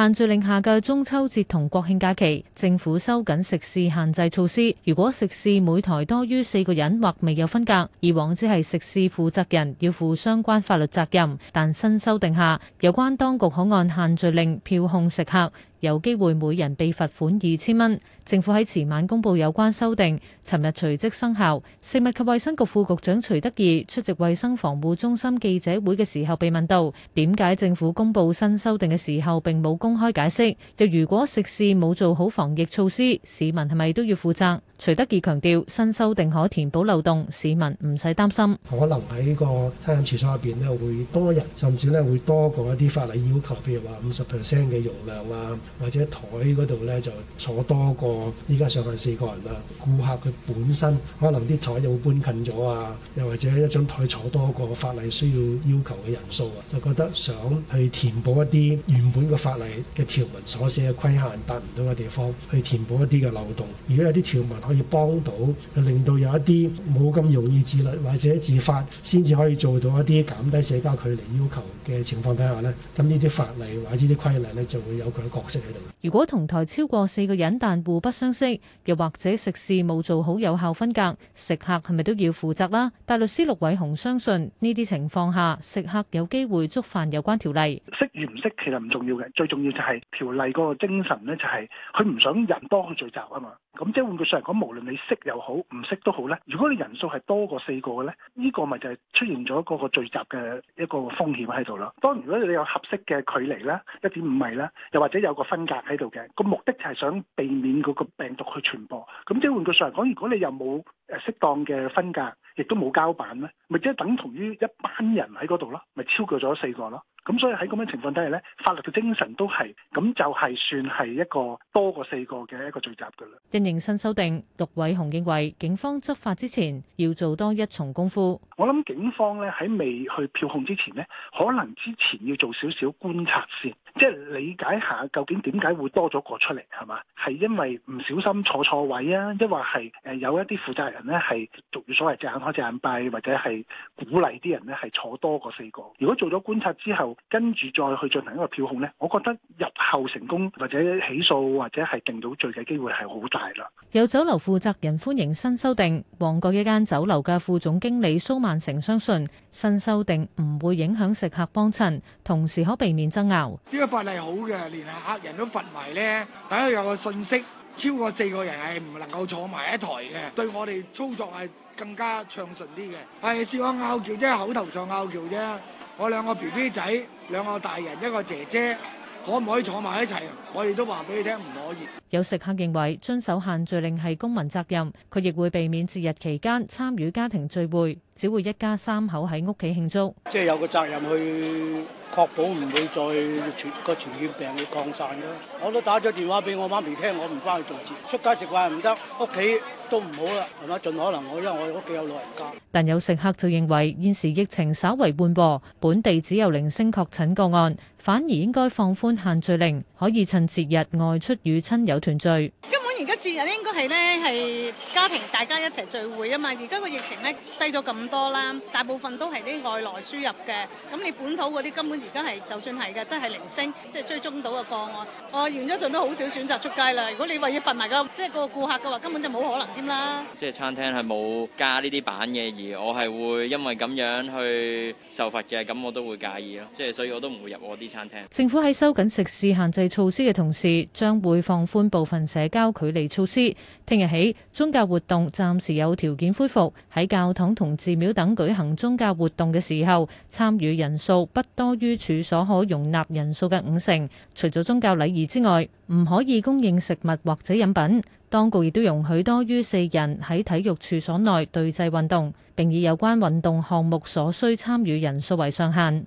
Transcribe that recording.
限聚令下嘅中秋節同國慶假期，政府收緊食肆限制措施。如果食肆每台多於四個人或未有分隔，以往只係食肆負責人要負相關法律責任，但新修訂下，有關當局可按限聚令票控食客。有機會每人被罰款二千蚊。政府喺前晚公佈有關修訂，尋日隨即生效。食物及衛生局副局長徐德義出席衛生防護中心記者會嘅時候，被問到點解政府公佈新修訂嘅時候並冇公開解釋，又如果食肆冇做好防疫措施，市民係咪都要負責？徐德義強調新修訂可填補漏洞，市民唔使擔心。可能喺個餐飲處所入邊咧，會多人，甚至咧會多過一啲法例要求，譬如話五十 percent 嘅容量啊，或者台嗰度咧就坐多過依家上限四個人啦。顧客佢本身可能啲台又會搬近咗啊，又或者一張台坐多過法例需要要求嘅人數啊，就覺得想去填補一啲原本個法例嘅條文所寫嘅規限達唔到嘅地方，去填補一啲嘅漏洞。如果有啲條文，可以幫到，令到有一啲冇咁容易自律或者自發，先至可以做到一啲減低社交距離要求嘅情況底下呢。咁呢啲法例或者呢啲規例呢，就會有佢嘅角色喺度。如果同台超過四個人但互不相識，又或者食肆冇做好有效分隔，食客係咪都要負責啦？大律師陸偉雄相信呢啲情況下，食客有機會觸犯有關條例。識與唔識其實唔重要嘅，最重要就係條例嗰個精神呢，就是，就係佢唔想人多去聚集啊嘛。咁即係換句上嚟講。無論你識又好唔識都好咧，如果你人數係多過四個嘅咧，呢個咪就係出現咗嗰個聚集嘅一個風險喺度咯。當然，如果你有合適嘅距離咧，一點五米咧，又或者有個分隔喺度嘅，個目的就係想避免嗰個病毒去傳播。咁即係換句上嚟講，如果你又冇誒適當嘅分隔，亦都冇膠板咧，咪即係等同於一班人喺嗰度咯，咪超過咗四個咯。咁所以喺咁嘅情況底下咧，法律嘅精神都係咁，就係算係一個多過四個嘅一個聚集噶啦。因應新修訂，陸偉雄認為警方執法之前要做多一重功夫。我諗警方咧，喺未去票控之前咧，可能之前要做少少觀察先，即係理解下究竟點解會多咗個出嚟，係嘛？係因為唔小心坐錯位啊？抑或係誒有一啲負責人咧係俗語所謂隻眼開隻眼閉，或者係鼓勵啲人咧係坐多過四個，如果做咗觀察之後。跟住再去進行一個票控咧，我覺得日後成功或者起訴或者係定到罪嘅機會係好大啦。有酒樓負責人歡迎新修訂，旺角一間酒樓嘅副總經理蘇萬成相信新修訂唔會影響食客幫襯，同時可避免爭拗。呢個法例好嘅，連客人都罰埋咧。大家有個信息，超過四個人係唔能夠坐埋一枱嘅，對我哋操作係更加暢順啲嘅。但係只講拗撬，即係口頭上拗撬啫。我兩個 BB 仔，兩個大人，一個姐姐，可唔可以坐埋一齊？我哋都話俾你聽，唔可以。有食客認為遵守限聚令係公民責任，佢亦會避免節日期間參與家庭聚會，只會一家三口喺屋企慶祝。即係有個責任去。確保唔會再傳個傳染病會擴散咯。我都打咗電話俾我媽咪聽，我唔返去做節，出街食飯唔得，屋企都唔好啦，係嘛？盡可能我，我因為我屋企有老人家。但有食客就認為，現時疫情稍為緩和，本地只有零星確診個案，反而應該放寬限聚令，可以趁節日外出與親友團聚。而家節日應該係咧，係家庭大家一齊聚會啊嘛！而家個疫情咧，低咗咁多啦，大部分都係啲外來輸入嘅。咁你本土嗰啲根本而家係就算係嘅都係零星，即係追蹤到嘅個案。我原則上都好少選擇出街啦。如果你話要罰埋個即係嗰個顧客嘅話，根本就冇可能添啦。即係餐廳係冇加呢啲板嘅，而我係會因為咁樣去受罰嘅，咁我都會介意咯。即係所以我都唔會入我啲餐廳。政府喺收緊食肆限制措施嘅同時，將會放寬部分社交距離措施，聽日起宗教活動暫時有條件恢復。喺教堂同寺廟等舉行宗教活動嘅時候，參與人數不多於處所可容納人數嘅五成。除咗宗教禮儀之外，唔可以供應食物或者飲品。當局亦都容許多於四人喺體育處所內對制運動，並以有關運動項目所需參與人數為上限。